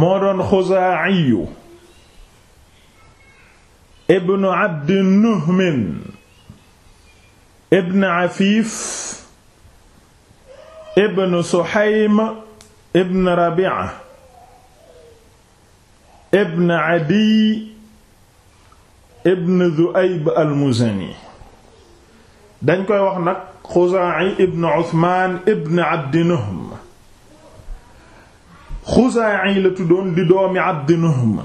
moo doon xuzaa'iyu ibnu abdi nuhmin ibn afiif ibn suhaym ibn rabi'a ibn adiy ibn dhu'ayb al dañ koy wax nag xuzaa'i ibn uthman ibn abdi nuhm Xuzaa'i la tuddoon di doomi Abd Nuhm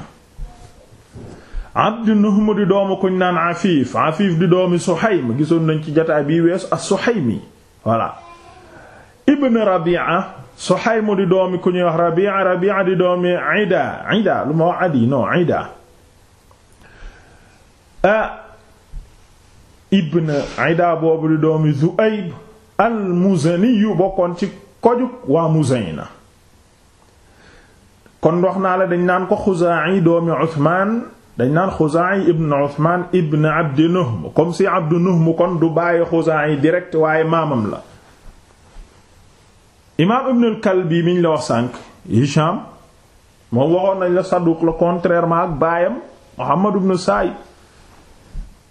Abd Nuhm di doomu kuñ naan Afiif Afiif di doomi Suhaym gisoon nañ ci jataay bii weesu as-Suhaymi voilà ibn Rabi'a Suhaym di doomi ku ñuy wax Rabi'a Rabi'a di doomi Ida Ida lu ma wax Adi non Ida ah, ibn Ida boobu di doomi Zu'ayb al-Muzani bokkoon ci kojuk waa Muzayna kon ndox naa la dañ naan ko Xuzaa'i doomi Usmaan dañ naan Xuzaa'i ibn Usmaan ibn Abdi Nuhm comme si Abdi Nuhm kon du bàyyi Xuzaa'i direct waaye maamam la imaam Ibn al-Kalbi miñ la wax sànq Hisham moom waxoon nañ la saduq la contrairement ak baayam Muhammad ibn Sa'id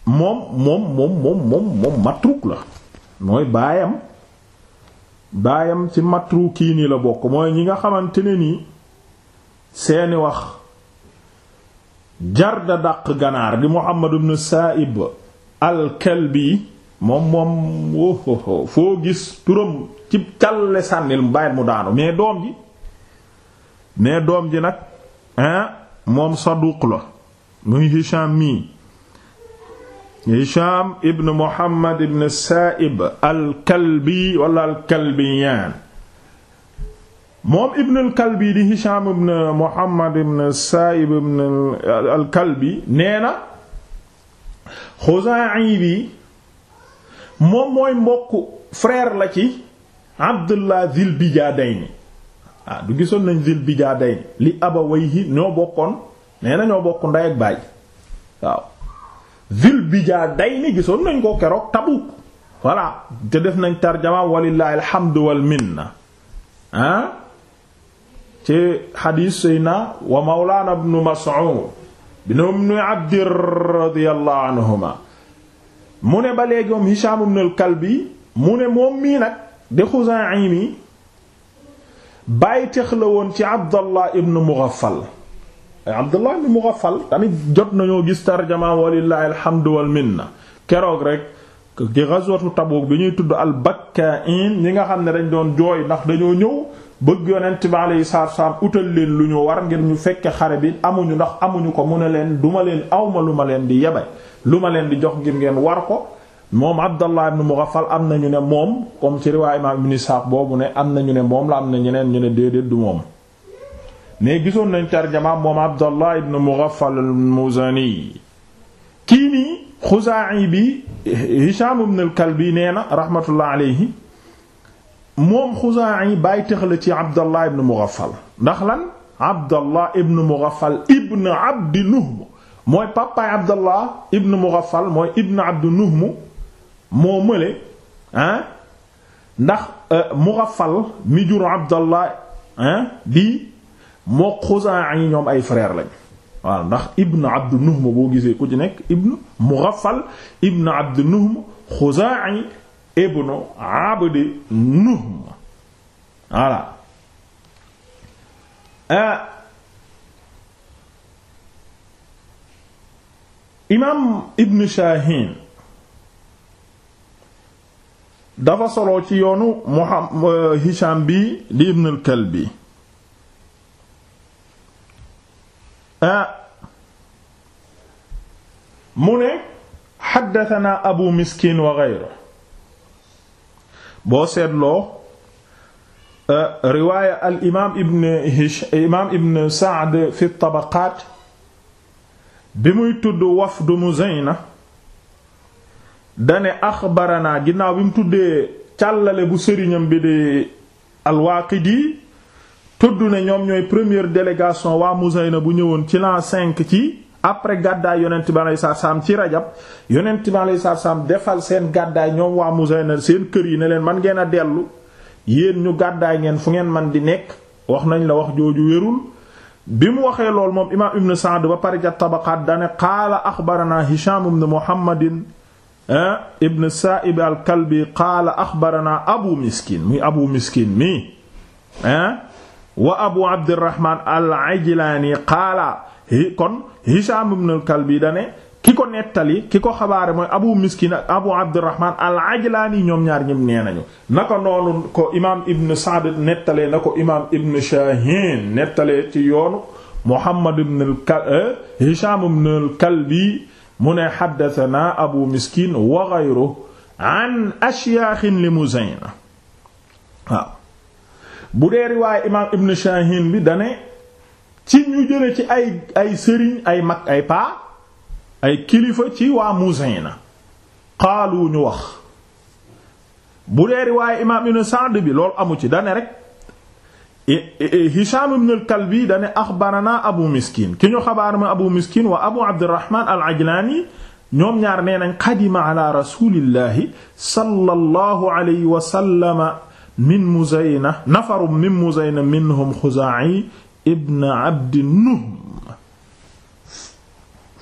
moom moom moom moom moom matruk la mooy baayam baayam ci matrukiini la bokk mooy ñi nga xamante ni nii seeni wax jarda dàq ganaar di Muhammad ibn Sa'ib al-Kalbi moom moom woo foo gis turam ci càlle sànnil mu bàyyil mu daanu mais doom ji mais doom ji nag hein moom saduq la muy Hisham mii Hisham ibn Muhammad ibn Sa'ib al-Kalbi wala moom Ibn al-Kalbi di Hisham ibn Muhammad ibn Saayib ibn al-Kalbi nee na Xuzaa'i bi moom mooy mbokku frère la ci Abdullah Zil Bijaadayni ah du gisoon nañ Zil Bijaadayni li abawayhi ñoo bokkoon nee ñoo bokk ndey ak baay waaw Zil Bijaadayni gisoon nañ ko keroog Tabuk voilà te def nañ tarjama walillahi alhamdu wal minna ah? ci xadiis sayna wa mawlaana ibnu Mas'ud ibnu Abdi radiyallahu anhuma mu ne ba léegi moom Hishaam ibnu al-Kalbi mu ne moom mii nag di Xuzaa'i mi bàyyi tex la woon ci Abdallah ibnu Mughaffal Abdallah ibnu Mughaffal tamit jot nañoo gis tarjama walillaahi alhamdu wal minna keroog rek ci ghazwatu Tabuuk bi ñuy tudd al-Bakkaa'iin ñi nga xam ne dañ doon jooy ndax dañoo ñëw bëgg yonent bi alayhi salaatu salaam utal leen lu ñu war ngir ñu fekke xare bi amuñu ndax amuñu ko mu ne leen duma leen awma lu ma leen di yebay lu ma leen di jox ngir ngeen war ko moom Abdallah ibn Mughaffal am nañu ne moom comme ci riwaay imaam boobu ne am nañu ne moom la am na ñeneen ñu ne déedéet du moom mais gisoon nañ tarjama moom Abdallah ibn Mughaffal al-Muzani kii nii Xuzaa'i bi Hishaam ibn al-Kalbi nee na rahmatullah alayhi moom Xuzaa'i bàyyi tëxla ci Abdallah ibn Mughaffal ndax lan Abdallah ibn Mughaffal ibn Abdi Nuhm mooy papaay Abdallah ibn Mughaffal mooy ibn Abdi Nuhm moo mële ndax euh, Mughaffal mi jur Abdallah ah di moo Xuzaa'i ñoom ay frère lañ waaw ndax ibn Abdi Nuhm boo gisee ku ci nekk ibn Mughaffal ibn Abdi Nuhm Xuzaa'i ibnu abdi nuhm voilà euh, imaam ibn shahin dafa solo ci yoonu muhammad euh, hisham bi di ibn al kalbi euh, mu ne xaddatana abu miskin wa ghayruhu boo seetloo euh, riwaaya al imaam ibn imaam ibn Saad fi tabaqaat bi muy tudd wafdu Muzayna dane axbaranaa ginnaaw bi mu tuddee càllale bu sëriñam bi di al-Waaqidi tudd ne ñoom ñooy première délégation waa Muzayna bu ñëwoon ci l'an cinq ci après gàddaay yonent bi alayhi salaam ci rajab yonent bi alayhi salaam defal seen gàddaay ñoom waa Muzayna seen kër yi ne leen man ngeen a dellu yéen ñu gàddaay ngeen fu ngeen man di nekk wax nañ la wax jooju wérul bi mu waxee lool moom imaam ibn Sa'd ba pare ca tabaqaat dane qaala axbarana Hisham ibn Muhammadin ah, ibn Sa'ib al-Kalbi qaala axbarana Abu Miskin muy Abu Miskin mi ah, wa Abu Abdirrahman al-Ajlani qaala kon Hisham ibn kalbi dane ki ko nettali ki ko xabaare mooy abu miskin ak abu abdurrahman al-Ajlani ñoom ñaar ñim nee nañu naka noonu ko imam ibn Sa'd nettalee na ko imam ibn Shahin nettalee ci yoonu Muhammad ibn eh, kalbi mu ne haddathana abu miskin wa ghayruhu an ashyakhin li Muzayna waaw bu dee riwaaya imam ibn Shahin bi dane ci ñu jële ci ay ay sëriñ ay mag ay paa ay kilifa ci waa Muzayna xaalu ñu wax bu dee riwaaye imaam ibn Sa'd bi lool amu ci dane rek Hisham ibn al-Kalbi dane Abu Miskin ki ñu xabaar ma Abu Miskin wa Abu Abdurrahman al-Ajlani ñoom ñaar nee qadima ala rasulillahi sallallahu alayhi wa sallam min Muzayna minhum Xuzaa'i ibn abdi nuhm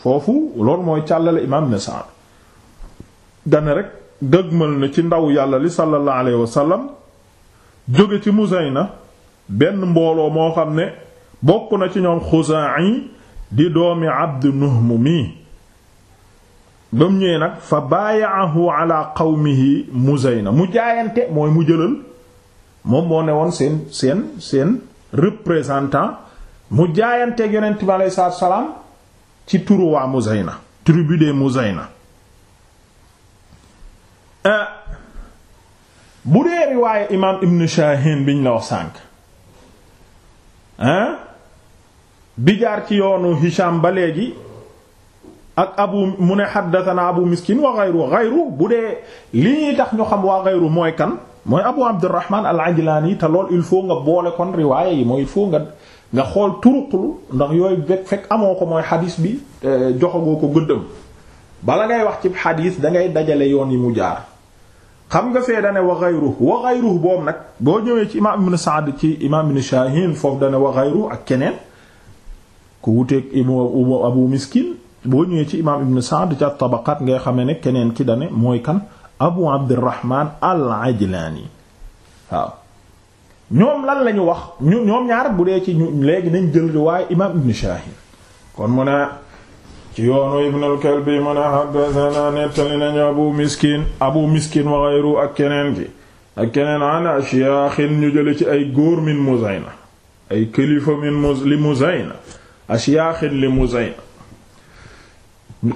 foofu loolu mooy càllale imaam ne Sa'd dana rek dëgmal na ci ndaw yàlla li sallallahu alayhi wa sallam jóge ci Muzayna benn mbooloo moo xam ne bokk na ci ñoom Xuzaa'i di doomi abdi nuhm mi ba mu ñëwee nag fa baayaahu ala qawmihi Muzayna mu jaayante mooy mu jëlal moom moo ne woon seen seen seen représentant mu jaayante yonent bi aleyhi salaatu wa salaam ci turu waa Muzayna tribu euh, bu dee riwaaye imaam Ibn Shahin biñ la wax sànq hein bi jaar ci yoonu Hisham ba léegi ak abu mu ne xaddatana abu miskin wa xayru xayru bu dee li ñuy tax ñu xam waa xayru mooy kan mooy Abu Abdurrahman al-Ajlani te lool il faut nga boole kon riwaaya yi mooy il faut nga xool turuqlu ndax yooyu fekk amoo ko mooy xadis bi euh, joxagoo ko gëddëm bala ngay wax ci xadiis da ngay dajale yoon yi mu jaar xam nga fee dane wa ghayruhu wa ghayruhu boobu nag boo ñëwee ci imam ibn Sa'd ci imam ibn Shahin foofu dane wa ghayruhu ak keneen ku wuteeg Abu Miskin boo ñëwee ci imam ibn Sa'd ci ngay xamee ne keneen ki dane mooy kan abu abdirahman al ajlaani waaw ñoom lan lañu wax ñu ñoom ñaar bu dee ci ñu léegi nañ jël riwaay imaam ibn shaahin kon mu ne ci yoonu ibn al kalbi mu ne haddathana nettali nañu abu miskin abu miskin wa ghayru ak keneen ki ak keneen an ashyaaxin ñu jële ci ay góor min muzayna ay kilifa min li muzayna ashyaaxin li muzayna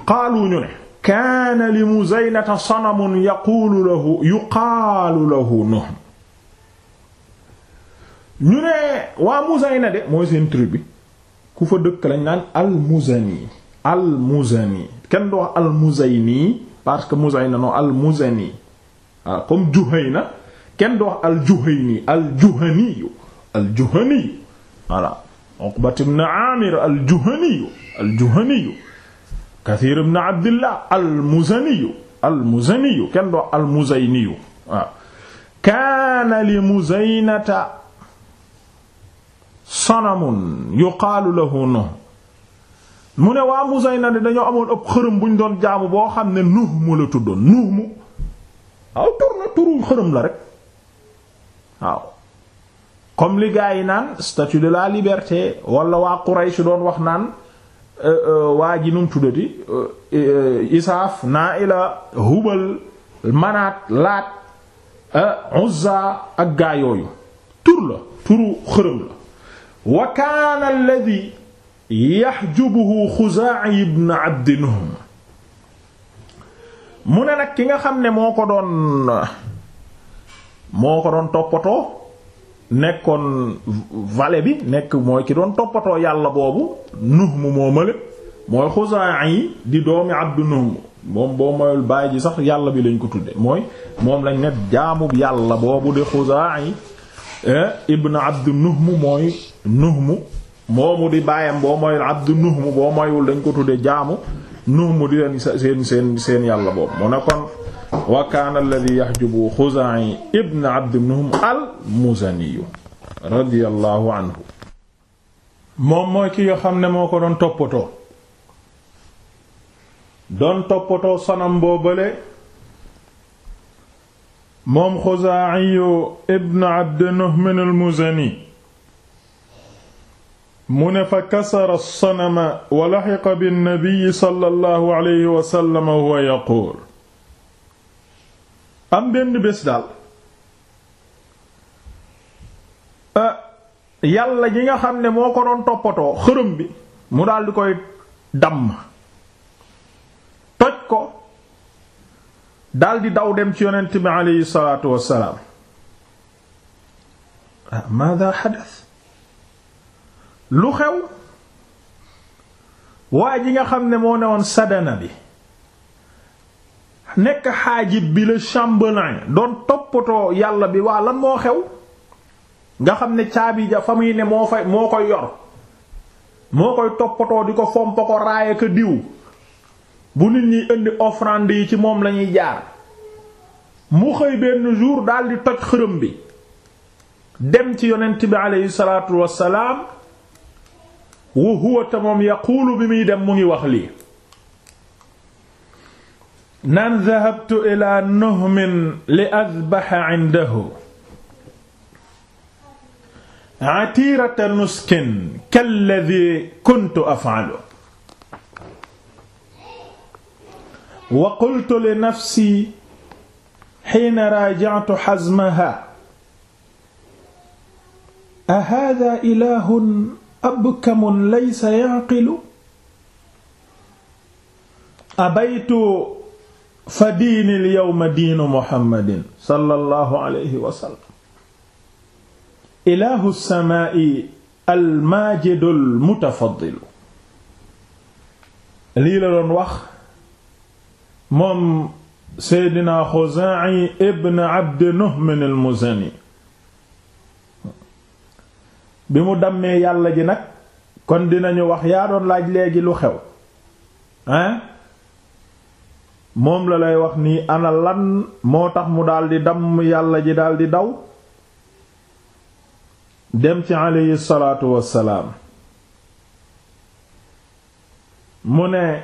qaalu ñu ne kaana li muzaynata sanamun yaquulu lahu yuqaalu lahu nuh ñu ne waa muzayna de mooy seen tribu ku fa dëkk lañ naan al muzani al muzani kenn du wax al muzayni parce que muzayna non al muzani ah comme juhayna kenn du wax al juhayni al juhani al juhani voilà uqbat ibn amir al juhani al juhani Kathir ibn Abdillah al-Muzaniyu al-Muzaniyu kenn doo al-Muzayniyu li Muzaynata sanamun yuqaalu lahu Nuh mu waa Muzayna dañoo amoon ëpp xërëm bu doon jaamu boo xam ne Nuh mu la tuddoon Nuh mu aw tur na turu xërëm la rek waaw comme li gaa yi naan statue de doon wax naan Euh, waa ji nu mu tuddati euh, Isaaf Naa'ila Hubal Manaat Laat euh, Uzza ak gaa yooyu tur la turu xërëm la wa kaana alladhi yaxjubuhu Xuzaa'i ibn Abdi Nuhm mu ne nag ki nga xam ne moo ko doon moo ko doon toppatoo nekkoon valet bi nekk mooy ki doon toppatoo yàlla boobu Nuhm moo male mooy yi di doomi Abdu Nuhm moom boo moyul baay ji sax yàlla bi lañ ko tudde mooy moom lañ ne jaamu yàlla boobu di Xuzaa'i eh, ibn Abdu Nuhm mooy Nuhm moomu di baayam boo moyul Abdu Nuhm boo moyul dañ ko tudde jaamu Nuhm di leen seen seen seen yàlla boobu mu ne kon wa kaana alladhi yahjubu Xuzaa'i ibn Abd ibn Hum al-Muzani radiyallahu anhu moom mooy ki nga xam ne moo ko doon toppatoo doon toppatoo sanam boobale moom Xuzaa'i ibn Abd Nuhm al-Muzani mu ne fa kasara sanama wa laxiqa bin nabiyyi sallallahu alayhi wa sallam wa huwa yaquul am benn bés daal euh, yàlla ji nga xam ne moo ko doon toppatoo xërëm bi mu daldi koy damm toj ko daldi daw dem ci yonent bi aleyhi salaatu wassalaam ah, maada xadas lu xew waa ji nga xam ne moo newoon sadana bi nekk xaajib bi la chambellan doon toppatoo yàlla bi waa lan moo xew nga xam ne caabi ja fa muy ne moo fay moo koy yor moo koy toppatoo di ko fomp ko raaya ko diw bu nit ñi indi offrande yi ci moom lañuy jaar mu xëy benn jour daldi toj xërëm bi dem ci yonent bi aleyhi salaatu wassalaam wa huwa ta moom yaquulu bi muy dem mu ngi wax lii naan dahabtu ila nuhmin li azbaxa indahu atiirata nuskin kalladi kuntu af'alu wa qultu li nafsi xiina raajactu xazmaha ahaada ilaahun abkamun laysa yacqilu abaytu fa diinil yawma diinu muhammadin sallallahu alayhi wa sallam ilaahu samaa'i almaajidul mutafaddilu lii la doon wax moom seydina xuzaa'i ibn abd nuhmin almuzani bi mu dammee yàlla ji nag kon dinañu wax yaa doon laaj léegi lu xew hein moom la lay wax nii ana lan moo tax mu daldi damm yàlla ji daldi daw dem ci aleyhi salaatu wassalaam mu ne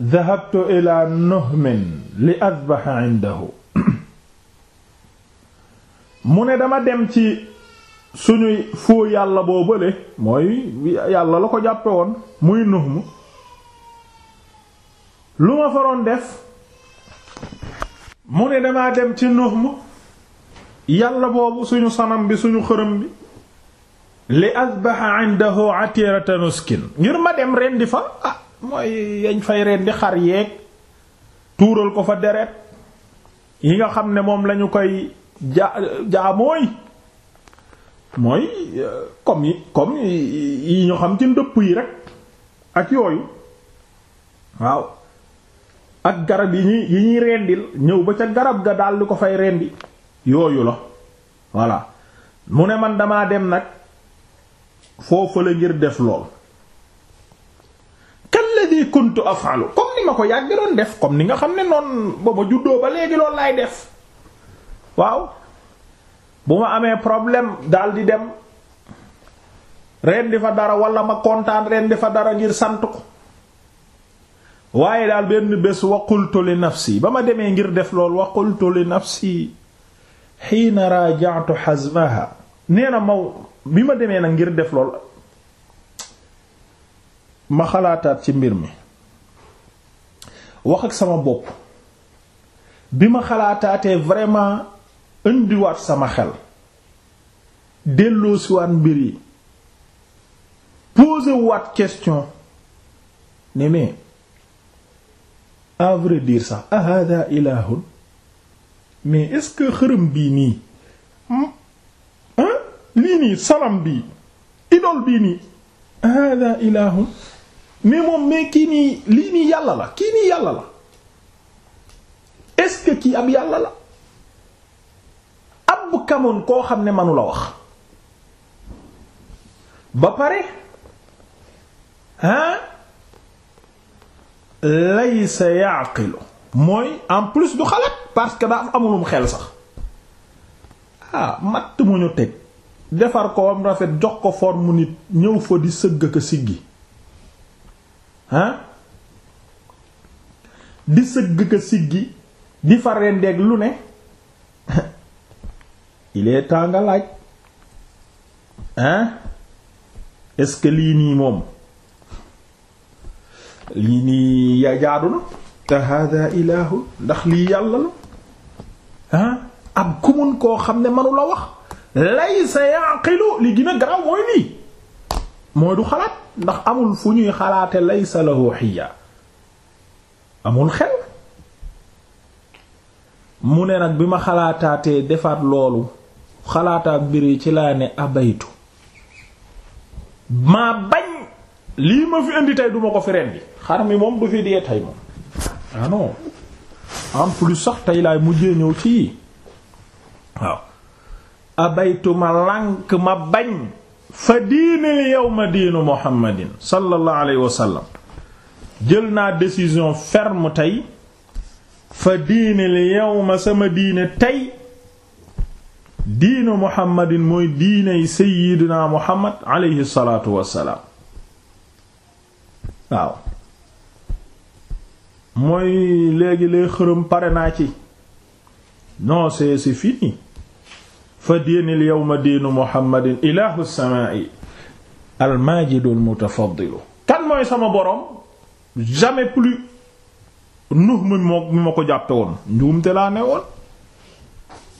dahabtu ne dama dem ci suñuy foo yàlla boobale mooy yàlla la ko jàppewoon woon muy nuhmu lu ma faroon def mu ne damaa dem ci Nuhm yàlla boobu suñu sanam bi suñu xërëm bi li asbaha indahu atirata nuskin ngir ma dem rendi fa ah mooy yañ fay rendi xar yeeg tuural ko fa deret yi nga xam ne moom lañu koy ja jaamooy mooy euh, comme yi comme yi ñu xam ci ndëpp yi rek ak yooyu waaw ak garab yi ñuy yi ñuy rendil ñëw ba ca garab ga daal di ko fay rendi yooyu la voilà mu ne man damaa dem nag foofu la ngir def lool kalladhi kuntu af'alu comme ni ma ko yàgg doon def comme ni nga xam ne noon ba ma juddoo ba léegi loolu laay def waaw bu ma amee problème daal di dem rendi fa dara wala ma kontaan rendi fa dara ngir sant ko waaye daal benn bés wa qultu li nafsi ba ma demee ngir def lool wa qultu li nafsi xiina raaja'tu hazmaha nee na maw bi ma demee nag ngir def lool ma xalaataat ci mbir mi wax ak sama bopp bi ma xalaataatee vraiment indiwaat sama xel delloosiwaat mbir yi poser waat question ne mais à vrai dire sax ahada ilahun mais est-ce que xërëm bii nii hmm, lii nii salam bii idole bii nii ahada ilahun mais moom mais kii nii lii nii yàlla la kii nii yàlla la est-ce kii ab yàlla la ab kamoon koo xam ne mënu la wax ba pare ah laysa yaaqilu mooy en plus du xalaat parce que daa amulum xel sax ah matt mu ñu teg defar ko wam rafet jox ko forme nit ñëw fa di sëgg ka siggi di sëgg ka siggi di fa rendeeg lu ne il est laaj hein est-ce que lii nii moom lii nii yaa jaadu na te hada ndax lii yàlla la ah ab ku koo xam ne manu la wax laysa yaqilu li gën a mooy lii mooy du xalaat ndax amul fu ñuy xalaate laysa lahu xiya amul xel mu ne nag bi ma xalaataatee defaat loolu xalaataat mbir yi ci laa ne abaytu maa bañ lii ma fi indi tey duma ko fi rendi xar mi moom du fi dee tey moom ah non en plus sax tey laay mujjee ñëw ci yi waaw abaytu lànk ma bañ fa yow yawma diinu muhammadin sallallahu alayhi wa jël naa décision ferme tey fa diinil yawma sama diine tey diinu muhammadin mooy diiney sayyidina muhammad alayhi salaatu wassalaam waaw mooy léegi lay xërëm pare naa ci non c'est c'est fini fa diinil yawma diinu muhammadin ilahu samaa'i almajidul mutafaddilu kan mooy sama boroom jamais plus nuux mi moo mi ma ko jàppe woon njuumte laa ne woon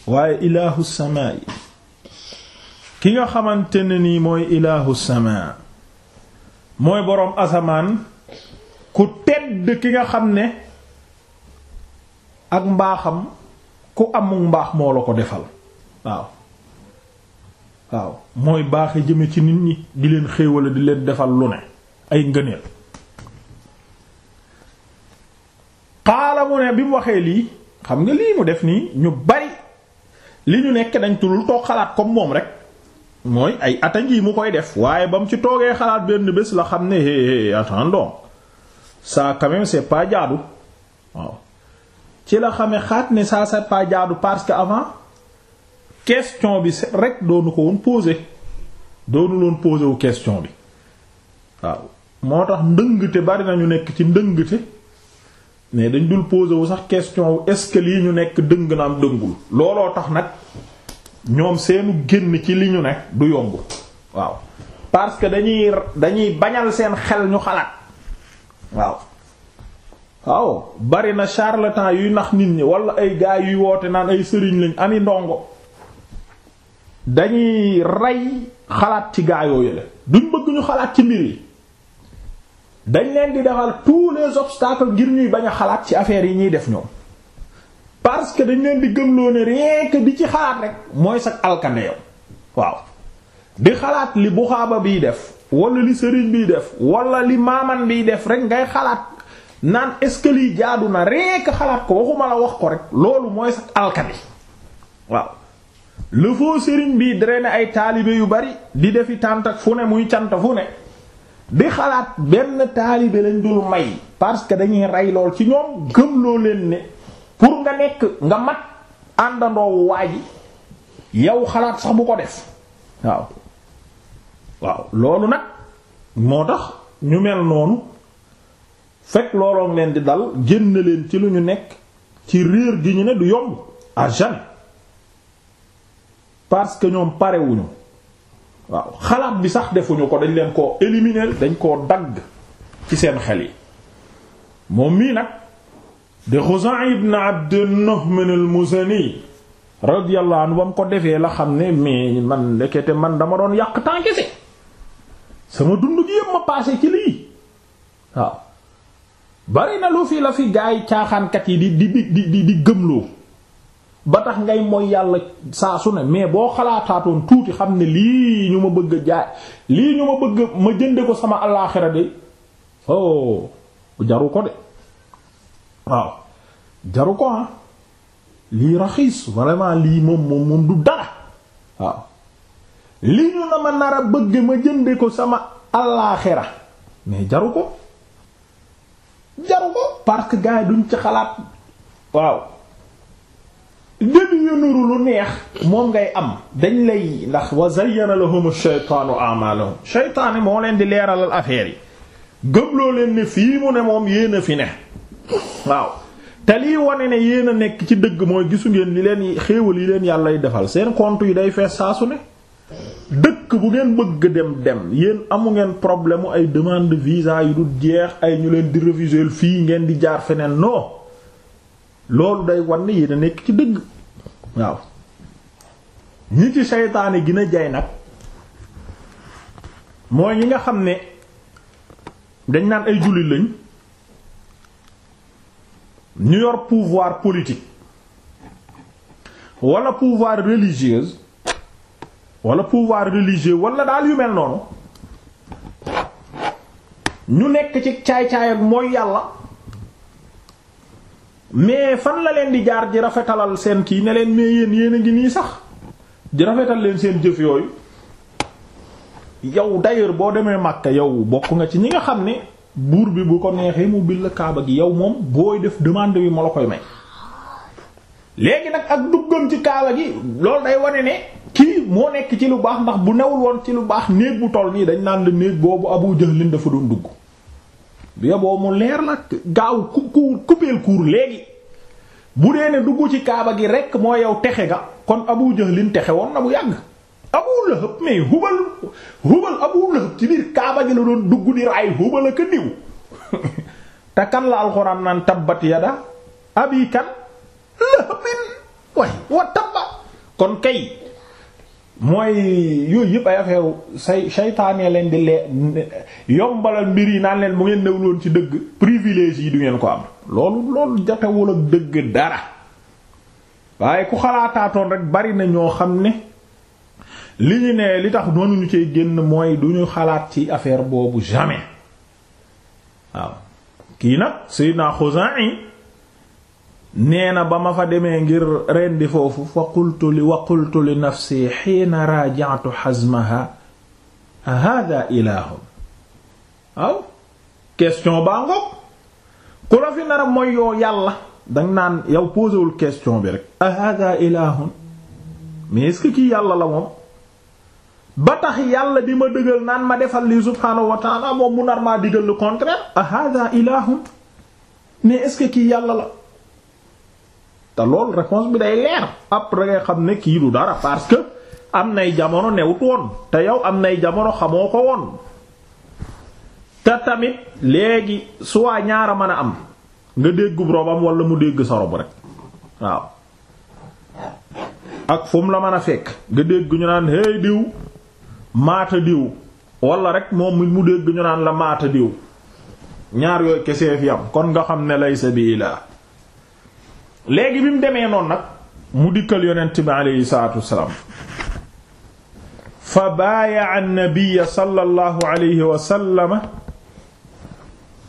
waaye ilahu samaa'i ki nga xamante ne nii mooy ilahu samaa mooy boroom asamaan ku tedd ki nga xam ne ak mbaaxam ku amul mbaax moo la ko defal waaw waaw mooy baaxe jëme ci nit ñi di leen xéewala di leen defal lu ne ay ngëneel xaala mu ne bi mu waxee lii xam nga lii mu def nii ñu bari li ñu nekk dañ tulul toog xalaat comme moom rek mooy ay atangi mu koy def waaye ba mu ci toogee xalaat benn bés la xam ne hé hé attendons ça quand même c'est pas jaadu waaw ci la xame xaat ne ça c'est pas jaadu parce que avant question bi rek doonu ko woon poser doonu loon poser wu question bi waaw moo tax ndëngte bari nañu nekk ci ndëngte mais dañ dul poser wu sax question wu est-ce que lii ñu nekk dëng na am dëngul looloo tax nag ñoom seenu génn ci li ñu ne du yomb waaw parce que dañuy dañuy bañal seen xel ñu xalaat waaw waaw bari na charlatan yuy nax nit ñi wala ay gaa yuy woote naan ay sëriñ lañ ami ndongo dañuy rey xalaat ci gaayoo yële duñ bëgg ñu xalaat ci mbir yi dañ leen di defal tous les obstacles ngir ñuy bañ a xalaat ci affaire yi ñuy def ñoom parce que dañu leen di gëmloo ne rien que di ci xalaat rek mooy sax alkande yow waaw di xalaat li buxaaba biy def walla li sëriñ biy def wala li maaman biy def rek ngay xalaat naan est-ce que lii jaadu na rien que xalaat ko waxuma la wax ko rek loolu mooy sax alkande waaw le faux sëriñ bi drainer ay taalibe yu bari di defi tànt ak fu ne muy cant fu ne di xalaat benn taalibe lañ dul may parce que dañuy rey lool ci ñoom gëmloo leen ne pour nga nekk nga mat àndandoo waa ji yow xalaat sax bu ko def waaw waaw loolu nag moo tax ñu mel noonu fekk looloo leen di dal génn leen ci lu ñu nekk ci réer gi ñu ne du yomb à parce que ñoom parewuñu waaw xalaat bi sax defuñu ko dañ leen koo éliminer dañ koo dagg ci seen xel yi moom mii nag de Xuzaa ibn Abd Nuhm al-Muzani radiyallahu ba mu ko defee la xam ne mais man ndekete man dama doon yàq tànkese sama dund gi yëpp ma paase ci lii waaw bari lu fi la fi gaay caaxaankat yi di di di di di gëmloo ba tax ngay mooy yàlla saasu su ne mais boo xalaataatoon tuuti xam ne lii ñu ma bëgg jaay lii ñu ma bëgg ma jënde ko sama alaaxira de oh jaru ko de waaw jaru ko ah lii raxiis vraiment lii moom moom moom du dara waaw lii ñu na ma nar bëgg ma jënde ko sama alaaxira mais jaru ko jaru ko parce que gars duñ ci xalaat waaw début nuru lu neex moom ngay am dañ lay ndax wa zayyana lahum shaytaanu a'maalahum shaytaani moo leen di leeralal affaire yi gëmloo leen ne fii mu ne moom yéen a fi ne waaw te lii wane ne yéen a nekk ci dëgg mooy gisu ngeen li leen xéewal yi leen yàllay defal seen compte yi day fees saasu ne dëkk bu ngeen bëgg dem dem yéen amu ngeen problème ay demande visa yi du jeex ay ñu leen di refuser fii ngeen di jaar feneen non loolu day wan ne nekk ci dëgg waaw ñi ci seytaane gina jay nag mooy ñi nga xam ne dañ naan ay jullit lañ ñu yor pouvoir politique wala pouvoir religieuse wala pouvoir religieux wala daal yu mel noonu ñu nekk ci caay-caay ak mooy yàlla mais fan la leen di jaar di rafetalal seen kii ne leen mais yéen yéen a ngi nii sax di rafetal leen seen jëf yooyu yow d'ailleurs boo demee Makka yow bokk nga ci ñi nga xam ni buur bi bu ko neexee mu bill kaaba gi yow moom booy def demande bi moo la koy may léegi nag ak duggam ci kaaba gi loolu day wane ne kii moo nekk ci lu baax ndax bu newul woon ci lu baax néeg bu toll nii dañ naan la néeg boobu Abu Jahlin dafa doon dugg bi boo mu leer la gaaw ku ku coupeel court léegi bu dee ne dugg ci kaaba gi rekk moo yow texe ga kon Abu Jahlin texe woon na bu yàgg Abu Lahab mais hubal hubal Abu Lahab ci biir Kaaba gi la doon dugg di raay hubal ak a niw te kan la alxuraan naan tabbat yada abi kan lahabin way wa tabba kon kay mooy yooyu yëpp ay affaire say saytaane leen di lee yombalal mbir yi naan leen bu ngeen newloon ci dëgg privilège yi du ngeen ko am loolu loolu jafewul ak dëgg dara waaye ku xalaataatoon rek bari na ñoo xam ne li ñu ne li tax noonu ñu génn mooy duñu xalaat ci affaire boobu jamais waaw kii nag Seydina Xuzaa'i nee na ba ma fa demee ngir rendi foofu fa qultu li wa qultu li nafsi xiina raaja'tu xazmaha hada ilahum waaw question baa ngoog ku la fi mooy yàlla danga naan yow posewul question bi rek a hada ilahun mais est-ce yàlla la moom ba tax yàlla di ma dëggal naan ma defal lii subhaanahu wa taala moom mu nar maa digal le contraire a hada ilahun mais est kii yàlla la te loolu réponse bi day leer après ngay xam ne kii du dara parce que am nay jamono newut woon te yow am nay jamono xamoo ko woon te tamit léegi soit ñaara mën a am nga déggub robam wala mu dégg sa rob rek waaw ak fu la mën a fekk nga dégg naan hey diw maata diw walla rek moom mu dégg ñu naan la maata diw ñaar yooyu kesee fi kon nga xam ne laysa bi ilaa léegi bi mu demee noonu nag mu dikkal yonent bi aleyhi salaatu wassalaam fa baayaa annabiya sallallahu alayhi wa sallama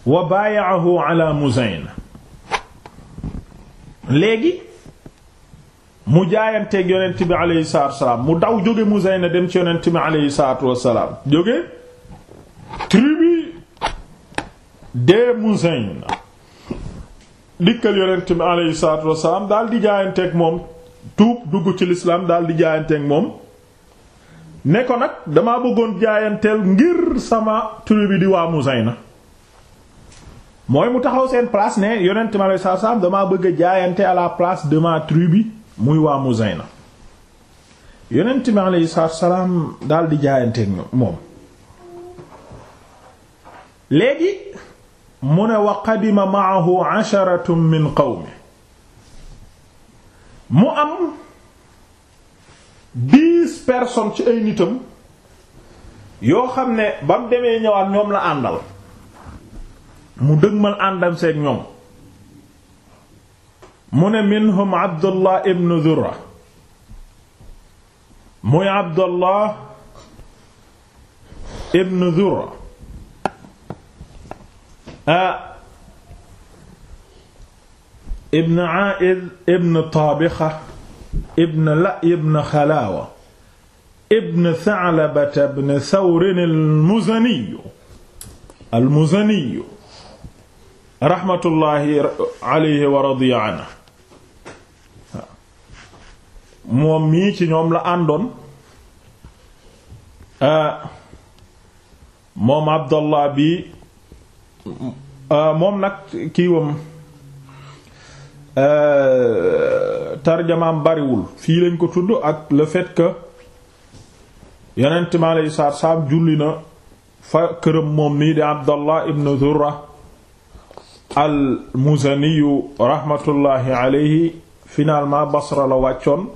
wa baayaahu ala Muzayna léegi mu jaayanteeg yonent bi aleyhi salaatu wasalaam mu daw jóge Muzayna dem ci yonent bi aleyhi salaatu wasalaam jóge tribu de Muzayna dikkal yonent bi aleyhi salaatu wasalaam daal di jaayanteeg moom tuub dugg ci lislaam daal di jaayanteeg moom ne ko nag damaa bëggoon jaayanteel ngir sama tribu di waa Muzayna mooy mu taxaw seen place ne yonent bi aleyhi salaatu damaa bëgg jaayante à la place de ma tribu muy waa Muzayna yonent bi aleyhi salaam daldi di jaayanteeg moom léegi mu ne wa qadima ma'ahu asharatun min qawmi mu am dix personnes ci ay nitam yoo xam ne ba mu demee ñëwaat ñoom la àndal mu dëgmal àndam seeg ñoom mu ne minhum abdullah ibn dhurra muy abdullah ibn dhurra a ibn aid ibn taabixa ibn la ibn xalaawa ibn thalabata ibn thawrin almuzaniyu almuzaniyu raxmatullahi alayhi wa radiya anhu moom mii ci ñoom la àndoon euh, moom abdallah bi euh, moom nag kiiwam euh, tarjamaam bariwul fii lañ ko tudd ak le fait que yonent mi aleyhi salaatu salaam fa këram moom nii di abdallah ibn zurra al muzaniyu rahmatullahi aleyhi finalement basra la wàccoon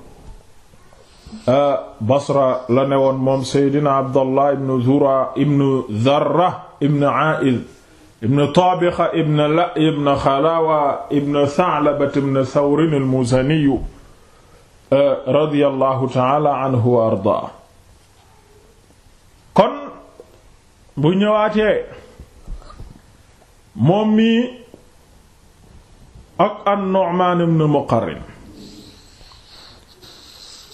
Euh, Basra la ne woon moom Seydina Abdallah ibn Zura ibn Zarra ibn Aa'id ibn Taabixa ibn La'y ibn Xalaawa ibn Sa'laba ibn Thawr al-Muzani euh, radiyallahu ta'ala anhu wa ardaa kon bu ñëwaatee moom mi ak an-Nu'maan ibn Muqarrin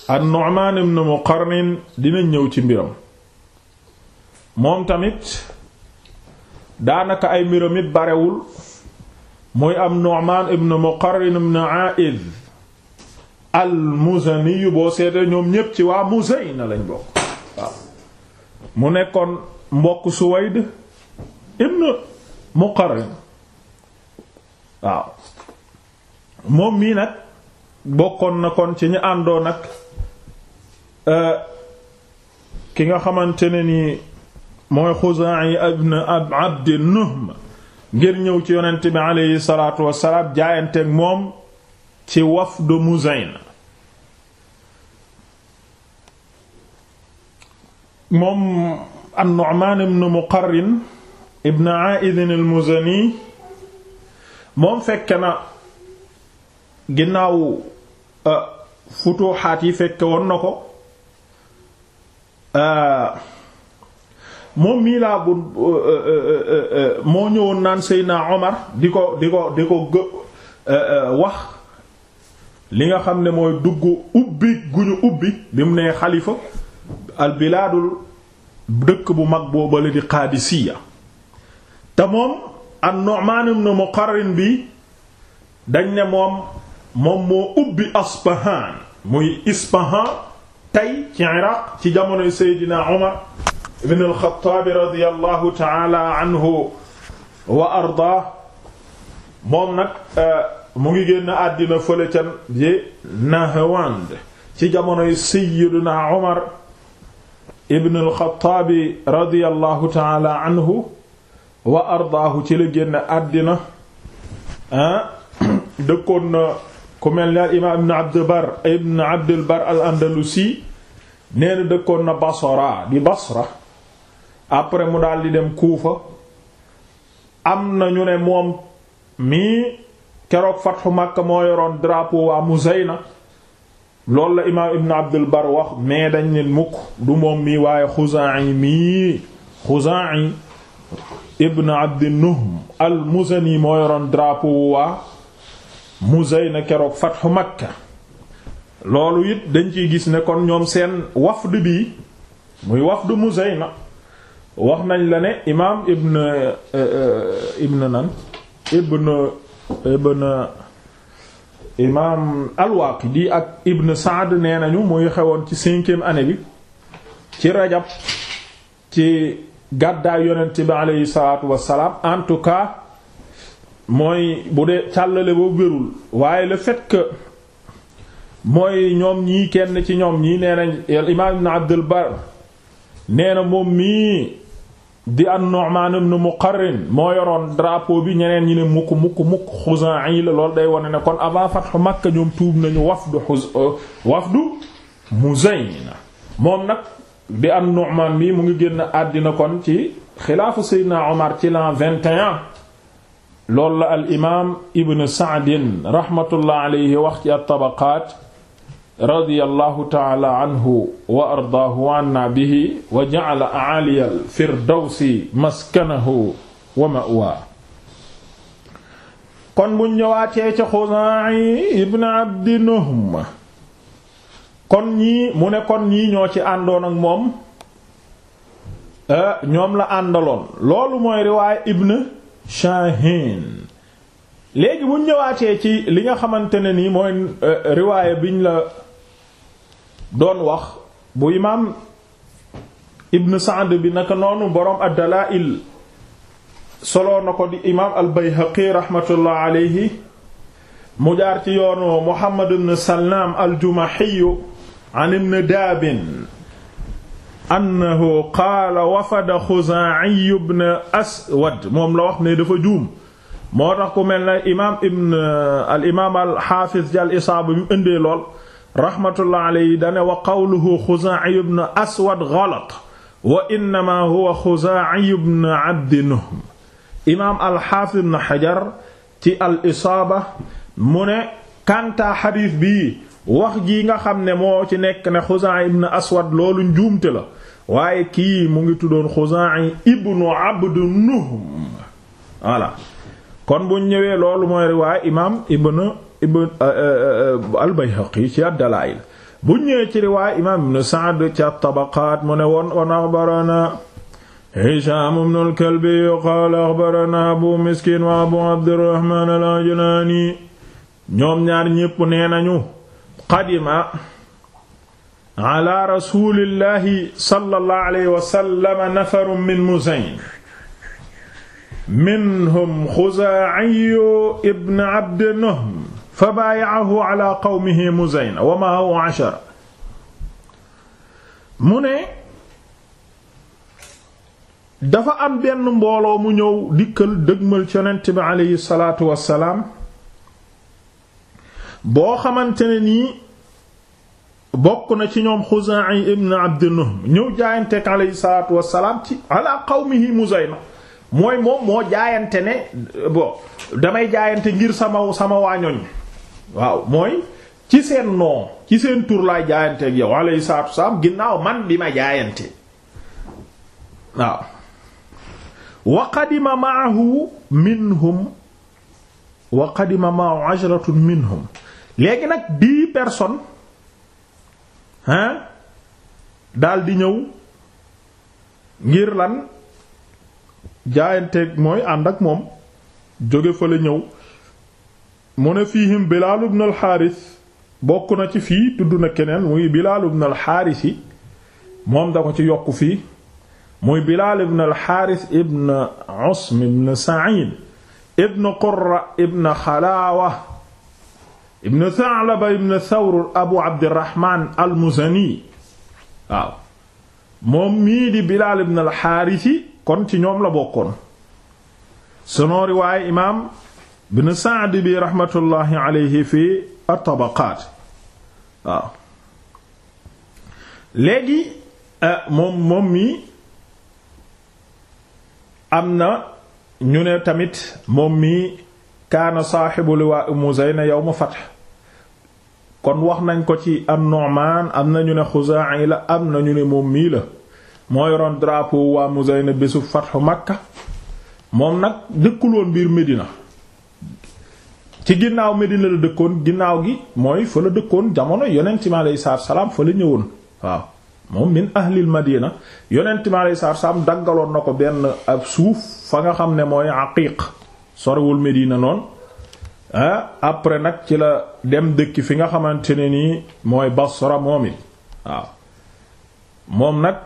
an-Nu'man ibn Muqarnin dina ñëw ci mbiram moom tamit daanaka ay mbiram it barewul muy am Nu'man ibn Muqarrin ibn A'id al-Muzani boo seetee ñoom ñépp ci waa Muzayna lañ bokk waaw mu nekkoon mbokk Suwayd ibn Muqarrin waaw moom mii nag bokkoon na kon ci ñu àndoo nag Euh, ki nga xamante ni mooy Xuzaa'i ibn Abd Nuhm ngir ñëw ci yonent bi aleyhi salaatu wassalaam jaayanteeg moom ci wafdu Muzayna moom an-Nu'maan ibn Muqarrin ibn Aa'id al-Muzani moom fekk na ginnaaw euh, futuuxaat yi fekk woon na ko Euh, moom mii laa bu euh, euh, moo ñëwoon naan Seydina Omar di ko di ko di ko gë wax li nga xam ne mooy dugg ubbi gu ñu ubbi bi mu nee xalifa al bilaadul dëkk bu mag boobale di Qaadisiya te moom an-Nu'man ibn Muqarrin bi dañ ne moom moom moo ubbi Asbahan muy Ispahan tey ci iraq ci jamonoy seydina omar ibn alxataab radiallahu taala anhu wa arda moom nag euh, mu ngi génn àddina fële ca ji nahwand ci jamonoy seydina omar ibn alxataab radiallahu taala anhu wa ardaahu ci la génn àddina dëkkoon na ku mel ni al imaam ibn abdul bar ibn abdul bar al andalusi nee dëkkoon na basora di basra après mu daal dem kuufa am na ñu ne moom mii keroog fatxu makka moo yoroon drapeau waa Muzayna loolu la imaam ibn abdul bar wax mais dañ ne mukk du moom mii waaye xuzaa'i mii xuzaa'i ibn abdi nuhm al muzani moo yoroon drapeau Muzayna keroog fatxu Makka loolu it dañ ci gis ne kon ñoom seen wafd bii muy wafdu Muzayna wax nañ la ne imaam ibn euh, euh, ibn nan ibn ibn imaam al-Waaqidi ak ibn Saad nee nañu muy xewoon ci cinquième année bi ci rajab ci gàddaay yonent bi aleyhi salaatu wassalaam en tout mooy bu dee càllale boobu wérul waaye la fait mooy ñoom ñii kenn ci ñoom ñii nee nañ imaam ibn Abdul Bar nee na moom mii di an-Nu'man ibn Muqarrin moo yoroon drapeau bi ñeneen ñi ne mukk mukk mukk Xuzaa'i la loolu day wone ne kon avant fathu Makka ñoom tuub nañu wafdu xuz euh, wafdu Muzayna moom nag di an-Nu'man mii mu ngi génn àddina kon ci xilaafu Seydina Omar ci l'an 21 loolu la al imaam ibn saadin rahmatullah alayhi wax ci at-tabaqaat radiyallahu taala anhu wa ardaahu wa anna bihi wa ja'ala a'aaliya al-firdawsi maskanahu wa ma'waa kon bu ñëwaatee ci Xuzaa'i ibn Abdi Nuhm kon ñii mu ne kon ñii ñoo ci àndoon ak moom eh, ñoom la àndaloon loolu mooy riwaaya ibn Shaahin léegi mu ñëwaatee ci li nga xamante ne nii mooy euh, riwaaya biñ la doon wax bu imaam Ibn Sa'd bi naka noonu boroom ad-Dalaa'il soloo na ko di imaam al-Bayhaqi rahmatullah alayhi mu jaar ci yoonu Muhammad ibn Salaam al-Jumahi an ibn Daabin annahu qaala wafada Xuzaa'i ibn Aswad moom la wax ne dafa juum moo tax ku mel ne imaam ibn al imaam al isaaba mu indee lool rahmatullah alayhi dane wa qawluhu Xuzaa'i ibn Aswad galat wa innamaa huwa Xuzaa'i ibn Abdi Nuhm imaam al xaafiz ibn Hajar ci al isaaba mu ne kanta xadiis bii wax ji nga xam ne moo ci nekk ne Xuzaa'i ibn Aswad loolu njuumte la waaye kii mu ngi tuddoon Xuzaa'i ibnu Abd Nuhm kon bu ñëwee loolu mooy riwaaya imaam ibn ibn euh, euh, euh, al ci ad bu ñëwee ci riwaaya imaam ibn Sa'd ci tabaqaat mu ne woon woon axbarana Hishaam ibn al-Kalbi qaala axbarana Abu Miskiin wa Abu Abdirrahmaan al-Ajlaani ñoom ñaar ñépp nee nañu qadima ala rasulillahi sallallahu alayhi wa sallam nafarun min Muzayr minhum Xuzaa'i ibn Abd Nuhm fabaaya'ahu ala qawmihi Muzayna wa ma'ahu ashara mu ne dafa am benn mbooloo mu ñëw dikkal dëgmal ci yonent bi aleyhi salaatu wa salaam boo xamante ne nii bokk na ci ñoom Xuzaa'i ibn Abd Nuhm ñëw jaayanteeg alayhi salaatu wa salaam ci ala qawmihi mooy moom moo jaayante ne bon damay jaayante ngir sama sama waañoñ waaw mooy ci seen noo ci seen tur laay jaayanteeg yow alayhi salaatu salaam ginnaaw man bi ma jaayante waaw. wa qadima ma'ahu minhum wa qadima ma'ahu ashratun minhum léegi nag dix personnes. hein daldi ñëw ngir lan jaayanteeg mooy ànd ak moom jóge fa la ñëw mu ne fiihim Bilaal ibn al bokk na ci fii tudd na keneen muy Bilaal ibn al-Haaris moom da ko ci yokk fii muy Bilaal ibn al-Haaris ibn Usm ibn Sa'iid ibn Qurra ibn Xalaawa ibn Sa'laba ibn Thawr Abu Abdirahman al-Muzani waaw moom mii di Bilaal ibn al kon ci ñoom la bokkoon sunu riwaaya imaam ibn Sa'd bi raxmatullaahi alayhi fi at-Tabaqaat léegi eh, moom moom mii am na ñu tamit moom mii kaana saaxibu liwaa yow yawma fath kon wax nañ ko ci am numan am nañu ne Xuzaa'i la am nañu ne moom mii la moo yoroon drapeau waa Muzayna bésu fathu Makka moom nag dëkkuloon biir Medina ci ginnaaw Medina la dëkkoon ginnaaw gi mooy fa la dëkkoon jamono yonent mi alayhi salaatu salaam fa la ñëwoon waaw moom min ahlil Madina yonent mi alayhi salaatu salaam daggaloon na ko benn ab suuf fa nga xam ne mooy Aqiiq sorewul Medina noon ah après nag ci la dem dëkk fi nga xamante ne nii mooy Basra moom it waaw moom nag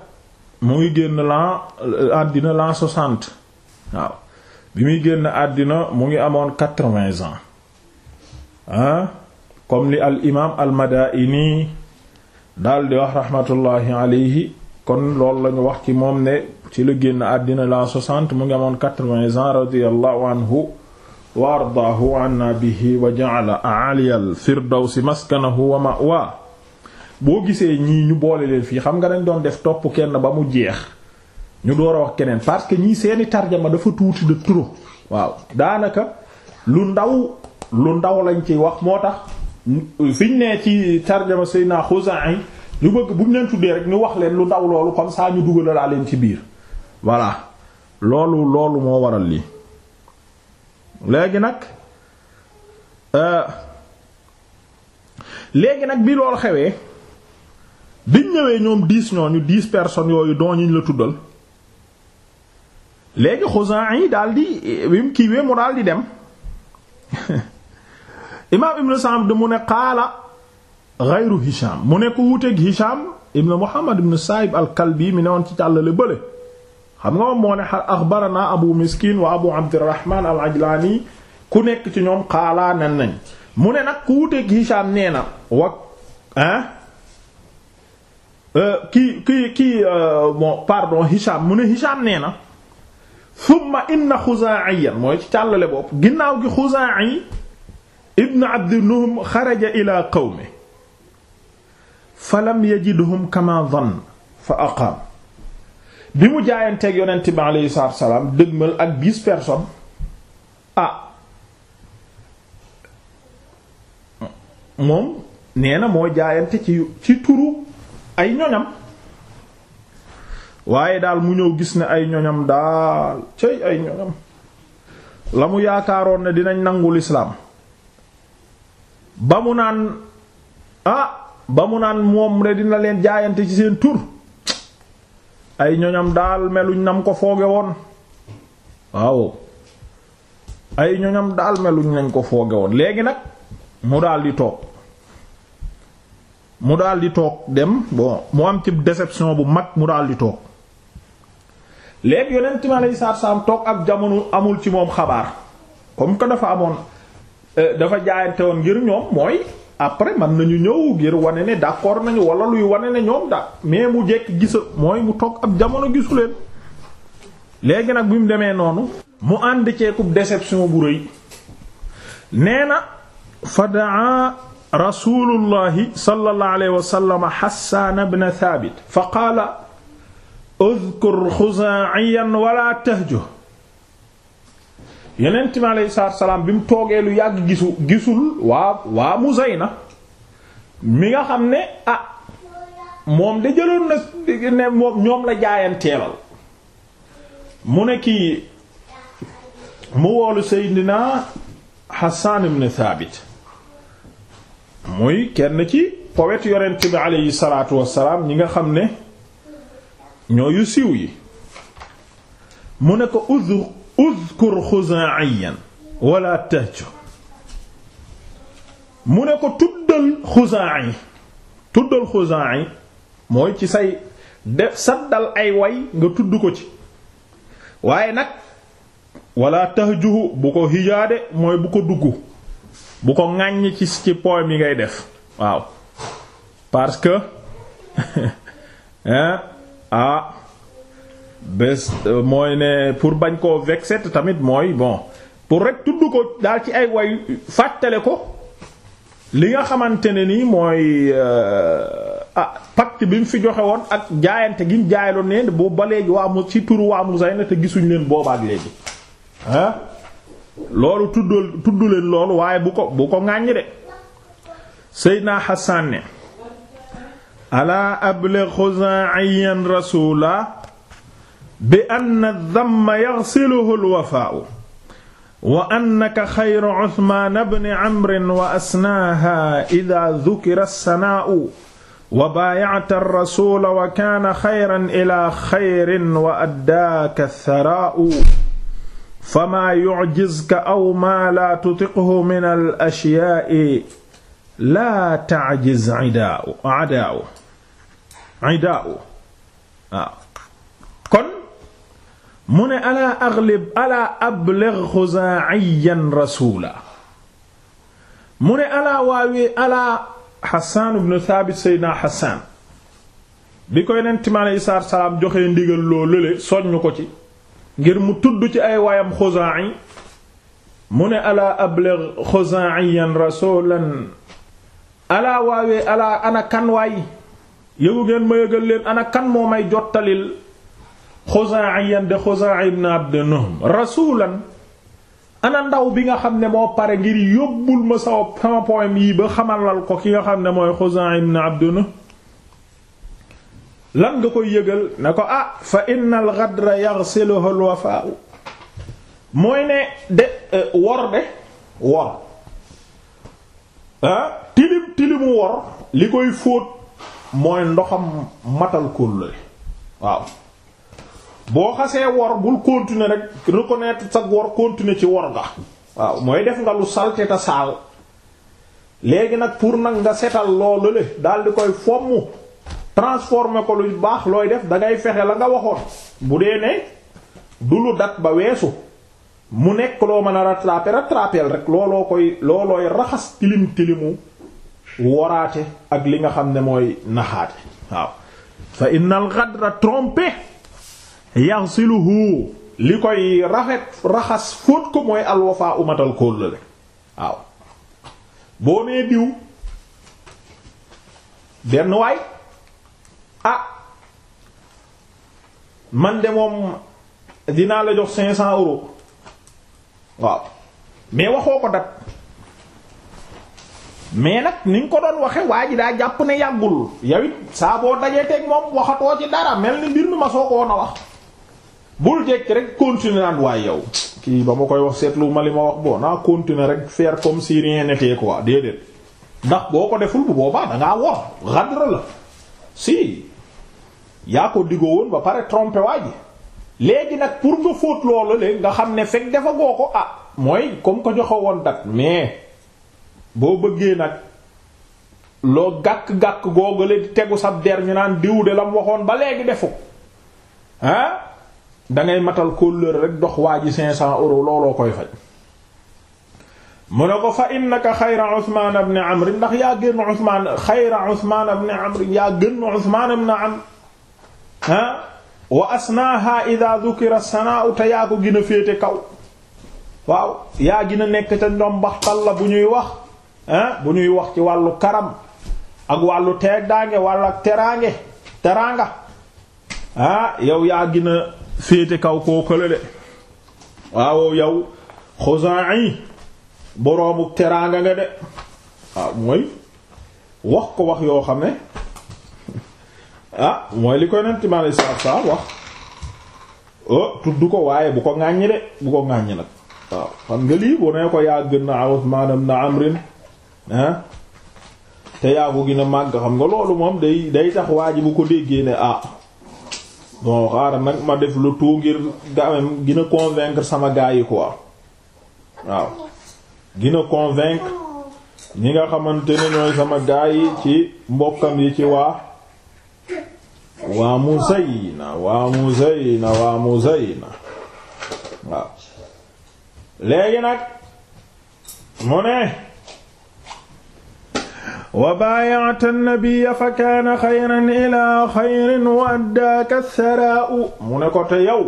mu ngi génn l'an euh, àddina l'an soixante waaw bi muy génn àddina mu ngi amoon quatre-vingts ans ah comme li al imaam al Madaini daal di wax rahmatullahi alayhi kon loolu lañu wax ci moom ne. ci la génn àddina la 60 mu ngi amoon 80 ans radiyallahu anhu wa ardaahu anna bihi wa ja'ala aliyal firdawsi maskanahu wa ma'wa boo gisee ñii ñu boole leen fii xam nga dañ doon def topp kenn ba mu jeex ñu door a wax keneen parce que ñi seeni tarjama dafa tuuti de turu waaw daanaka lu ndaw lu ndaw lañ ci wax moo tax fiñ ne ci tarjama Seydina Xuzaa'i ñu bëgg bu ñu leen tuddee rek ñu wax leen lu ndaw loolu comme saa ñu dugal laa leen ci biir voilà loolu loolu moo waral lii léegi nag euh, léegi nag bi loolu xewee biñ ñëwee ñoom dix ñooñu dix personnes yooyu doon dooñuñ la tuddal léegi Xuzaa yi daldi bi mu kiiwee mu daldi dem imaam ibn Sa'd mu ne qaala ghayru Hisham mu ne ku wuteeg Hisham ibn Muhammad ibn Sa'ib al mi ne woon ci càllale bële xam nga moom moo ne axbarana abu miskin wa abu abdirahman al ajlaani ku nekk ci ñoom xaalaa nan nañ mu ne nag ku wuteeg Hisham nee na wag ah euh, kii kii kii euh, bon pardon Hisham mu ne Hisham nee na thumma inna xuzaa'iyan mooy ci càllale bopp ginnaaw gi xuzaa'i ibn abdi nuhm xaraja ila qawmi fa lam yajidhum kama dhanna fa aqaam bi mu jaayanteeg yonent bi aleyhi salaatu salaam dëgmal ak dix person a ah, moom nee na moo jaayante ci ci turu ay ñoñam waaye daal mu ñëw gis ne ay ñoñam daal cëy ay ñoñam la mu yaakaaroon ne dinañ nangu lislaam ba mu naan ah ba mu naan moom ne dina leen jaayante ci seen tur ay ñoñam daal meluñ nam ko fooge woon waaw ay ñoñam daal meluñ nañ ko fooge woon léegi nag mu daal di toog mu daal di toog dem bon mu am ci déception bu mag mu daal di toog léegi yonent mi alayhi salaatu salaam toog ab jamono amul ci moom xabaar comme que dafa amoon euh, dafa jaayante woon ngir ñoom mooy après man nañu ñëw ngir wane ne d'accord nañu wala luy wane ne ñoom da mais mu jekk gisa mooy mu toog ab jamono gisu leen léegi nag bi mu demee noonu mu ànd ceekub déception bu rëy nee na fa daa rasulullahi sallallahu alayhi wa sallam Hassaan ibn Thaabit fa qaala udhkur Khuzaa'iyan wala tahjuh yonent mi aleyhi salaam bi mu toogee lu yàgg gisu gisul waa waa na mi nga xam ne ah moom de jëloon na ne moom ñoom la jaayanteelal mu ne kii mu woolu Seydina Hassan ibn Thabit muy kenn ci powet yonent bi aleyhi salaatu wassalaam ñi nga xam ne ñoo yu siiw yi mu ne ko uzur uzkur xuzaa'iyan wala tahjur mu ne ko tuddal xuzaa'i tuddal xuzaa'i mooy ci say def saddal ay way nga tudd ko ci waaye nag wala tahjuhu bu ko hijaade mooy bu ko dugg bu ko ŋàññ ci ci poème yi ngay def waaw parce que hein ah bés euh, mooy ne pour bañ koo vexé tamit mooy bon pour rek tudd ko daal ci ay way fàttale ko li nga xamante ne nii mooy euh, ah pacte bi mu fi joxe woon ak jaayante gi mu jaayaloon ne bu ba léegi waa mu ci turu waa Muzayna te gisuñ leen boobaak léegi loolu tudd tudd leen loolu waaye bu ko bu ko ŋàññ de Seydina Hassan ne ala ablagh khuzaiyan rasula bi anna damma yaxsiluhu alwafaau wa annaka xayru Usmaan ibn Amr wa asnaaha idaa dukira as-sanaa'u wa baaya'ta ar-rasuula wa kaana xayran ilaa xayrin wa addaaka ath-tharaa'u famaa yu'jizka aw maa laa tutiqhu min al-ashyaa'i laa ta'jiz 'adaa'u 'adaa'u 'adaa'u waaw kon mu ne alaa aglib alaa abligh xuzaa'iyan rasuula mu ne alaa waawee alaa xasaan ibnu thaabit seydina xasaan bi ko yonent mi aleyhi salaatu salaam joxee ndigal loo lële soññ ko ci ngir mu tudd ci ay waayam xuzaa'i mu ne alaa abligh xuzaa'iyan rasuulan alaa waawee alaa ana kan waay yëgu ngeen ma yëgal leen ana kan moo may jottalil Xuzaa'iyan de Xuzaa'i ibn Abd ana ndaw bi nga xam ne moo pare ngir yóbbul ma saw sama poème yi ba xamalal ko ki nga xam ne mooy Xuzaa'i ibn Abd Nuhm lan nga koy yëgal ne ko ah fa innal ghadra yaghsiluhu al wafaa mooy ne de euh, wor de wor ah, tilim tilimu wor li koy fóot mooy ndoxam matal kóllëre waaw boo xasee wor bul continuer rek reconnaître sa wor continuer ci wor nga waaw mooy def nga lu salte ta saal léegi nag pour nag nga setal loolu le daal di koy fomm transformer ko lu baax looy def da ngay fexe la nga waxoon bu dee ne du lu dat ba weesu mu nekk loo mën a rattraper rattraper rek looloo koy loolooy raxas tilim tilimu woraate ak li nga xam ne mooy naxaate waaw fa innal ghadra trompé yaxsiluhu li koy rafet raxas fóot ko mooy alwafaa umatal kóllëre waaw boo nee diw benn waay ah man de moom dinaa la jox cinq cents euros waaw mais waxoo ko dat mais nag ni nga ko doon waxe waa ji daa jàpp ne yàggul yow it saa boo dajee teg moom waxatoo ci dara mel ni mbir mi ma soo ko woon a wax bul jekk rek continuer naan waaye yow kii ba ma koy wax seetlu ma li ma wax boo naa continuer rek faire comme si rien n'était quoi déedéet ndax boo ko deful bu boobaa dangaa wor xadra la si yaa ko diggoo woon ba pare trompé waa ji léegi nag pour nga fóot loolu léegi nga xam ne fekk dafa goo ko ah mooy comme ko joxe woon dat mais boo bëggee nag loo gàkk-gàkk googale di tegu sab der ñu naan diw de la mu waxoon ba léegi defu ah dangay matal kóllëre rek dox waa ji 500 euros looloo koy faj mu ko fa innaka xayra Usmaan ibn Amr ndax yaa gën Usmaan xayra Usmaan ibn Amr yaa gën Usmaan ibn Amr wa asnaaha idha dhukira as-sanaa te yaa ko gën féete kaw waaw yaa gën nekk ca njombaxtal la bu ñuy wax bu ñuy wax ci wàllu karam ak wàllu teeddaange wàllu teraange teraanga ah yaa gën féete kaw koo de waaw yow Xuzaa'i boroomu teraanga nga de waaw ah, mooy wax ko wax yoo xam ne ah mooy li koy nanti ma lay saaf wax oh tudd ko waaye bu ko ŋàññi de bu ko ŋàññi nag waaw xam nga lii bu nee ko yaa gën a Usmaan ibn Amrin ah, te yaa ko gën a màgg xam nga loolu moom day day tax waa ko déggee ne ah bon xaaral nag ma def le tout ngir gamem gën a convaincre sama gars yi quoi waaw gën a convaincre ñi nga xamante ne sama gaay ci mbokkam yi ci waa waa Muzayna waa Muzayna waa Muzayna waaw léegi nag mu ne wa baaya'ta an-nabiyya fa kaana xayran ilaa xayrin wa addaaka as-saraa'u mu ne ko te yow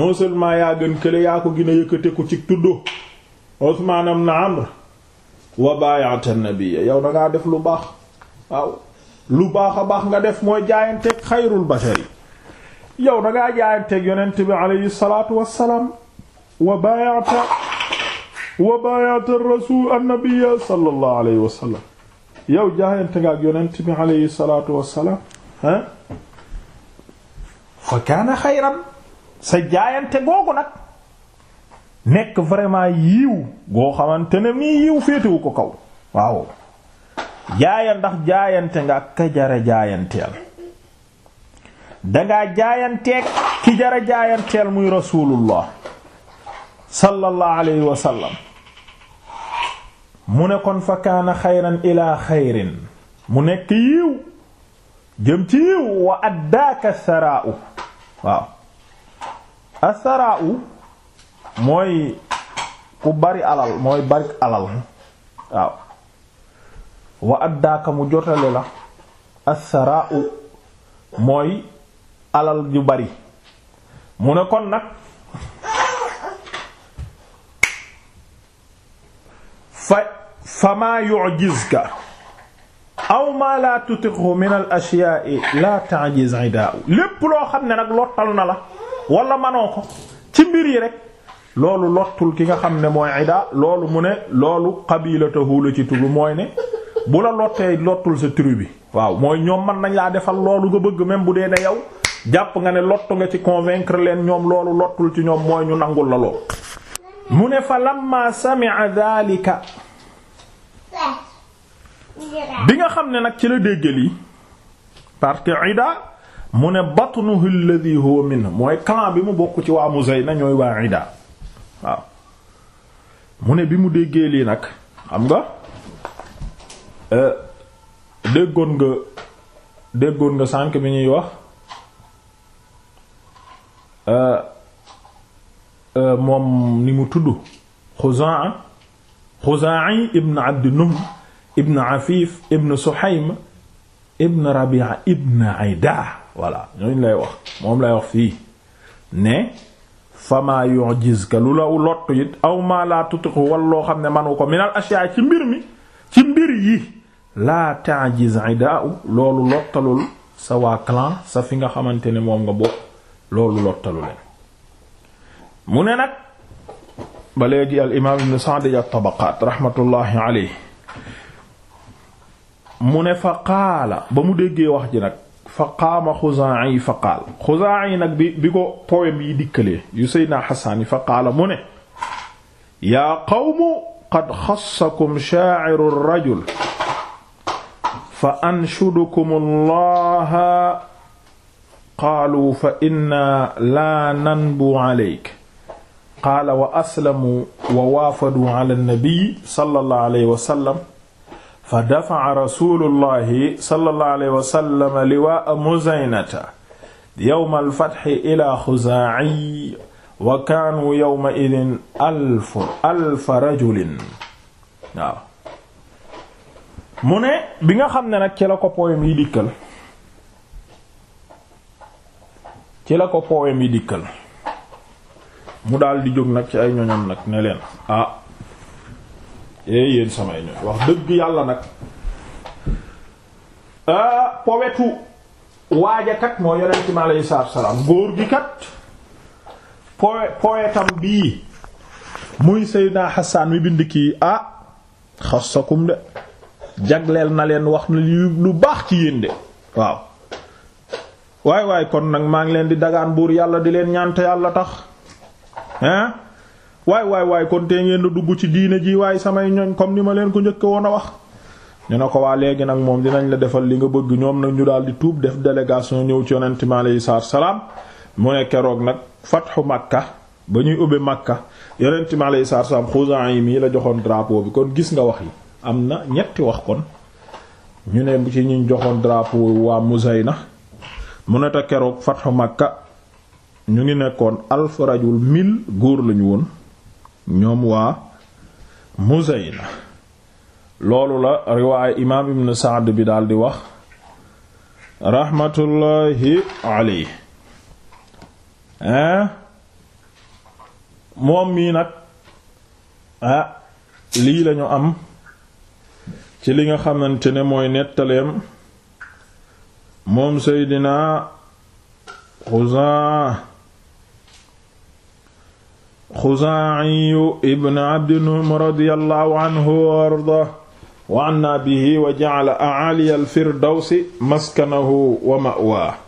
non seulement yaa gën kële yaa ko gën a yëkkateku ci tuddu Usmaan ibn Amr wa baaya'ta an-nabiyya yow da ngaa def lu baax waaw lu baax a baax nga def mooy jaayanteeg xayrul bashari yow da ngaa jaayanteeg yonent bi alayhi salaatu wassalaam wa baaya'ta wa baaya'ta ar-rasuul an-nabiyya sallallahu alayhi wa sallam yow jaayante nga ak yonent bi alayhi salaatu wassalaam ah fa kaana xayran sa jaayante googu nag nekk vraiment yiw goo xamante ne mi yiiw féetewu ko kaw waaw jaaya ndax jaayante nga ak ka jara jaayanteel dangaa jaayanteeg ki jara jaayanteel muy rasulullah sallallahu alayhi wa mu ne kon fa kaana xayran ilaa xayrin mu nekk yiiw jëm ci yiiw wa addaaka sara'u waaw asara'u mooy ku bari alal mooy bari alal waaw wa addaaka mu jotale la asara'u mooy alal ju bari mu ne kon nag fa fama yu'jizka aw ma la tutiqhu min al ashya'i la ta'jiz ida'u lépp loo xam ne nag lottal na la wala manoo ko ci mbir yi rek loolu lottul ki nga xam ne mooy ida loolu mu ne loolu qabilatahu la ci tudd mooy ne bu la lottee lottul sa tribu bi waaw mooy ñoom mën nañ laa defal loolu nga bëgg même bu dee ne yow jàpp nga ne lottu nga ci convaincre leen ñoom loolu lottul ci ñoom mooy ñu nangul la lool mu ne fa lamma sami'a dhalika bi nga xam ne nag ci la dégg lii parce que ida mu ne batnuhu alladhi huwa min mooy clan bi mu bokk ci waa Muzayna ñooy waa ida waaw mu ne bi mu déggee lii nag xam nga euh, déggoon nga déggoon nga sànk bi ñuy wax euh, Euh, moom ni mu tudd Xuzaa Xuzaa'i ibn Abd Nuhm ibn Afif ibn Suhaym ibn Rabi'a ibn Ayda voilà ñooñu lay wax moom lay wax fii ne fama yu'jizka lu law lott it aw ma la tutiqu wala loo xam ne manu ko minal ashyaa ci mbir mi ci mbir yi la ta'jiz idaa'u loolu lottalul sa waa clan sa fi nga xamante ne moom nga bokk loolu lottalu leen mu ne nag ba léegi al imaam ibn Sa'd at-Tabaqaat rahmatullahi alayhi mu ne fa qaala ba mu déggee wax ji nag fa qaama Xuzaa'i fa qaala Xuzaa'i nag bi bi ko poème yi dikkalee yu Seydina Xasaan yi fa qaala mu ne yaa qawmu qad xassakum shaa'iru rajul fa anshudukum allaha qaalu fa inna laa nanbu alayk qaala wa aslamu wa waafadu ala nabi sallallahu alayhi wa sallam fa dafa'a rasuulullahi sallallahu alayhi wa sallam liwaa'a muzaynata yawma al-fathi ilaa xuzaa'i wa kaanu yawma idin alf alf rajulin waaw mu ne bi nga xam ne nag ci la ko poème yi dikkal ci la ko poème yi dikkal mu daal di jóg nag ci ay ñoñam nag ne leen ah eh yéen samay ñoñ wax dëgg yàlla nag ah powetu waaja kat moo yonent mi aleyhi salaatu góor gi kat powetam bii muy Seydina Hassan mi bind kii ah xasakum de jagleel na leen wax na lu baax ci yéen de waaw. waay waay kon nag maa ngi leen di dagaan buur yàlla di leen ñaante yàlla tax. hein waay waay waay kon tee ngeen dugg ci diine ji waaye samay ñoñ comme ni ma leen ko njëkke woon a wax ñu ne ko waa léegi nag moom dinañ la defal li nga bëgg ñoom nag ñu daal di tuub def délégation ñëw ci yonent mi aleyhi salaatu salaam mu ne keroog nag fatxu Makka ba ñuy ubbi Makka yonent mi aleyhi salaatu salaam xuzaan yi mii la joxoon drapeau bi kon gis nga wax yi am na ñetti wax kon ñu ne ci ñu joxoon drapeau waa Muzayna mu ne te keroog fatxu Makka ñu ngi nekkoon alf mil góor lañu woon ñoom waa Muzayna loolu la riwaaya imaam ibn Saad bi daal di wax raxmatullaahi alayhi hein moom mii nag ah, lii lañu am ci li nga xamante ne mooy nettaleem moom Seydina Xuzaa xuzaaciyu ibn abdi nuhm radiyallahu anhu wa ardah wa anna bihi wa jacala acaaliya alfirdawsi maskanahu wa ma'waa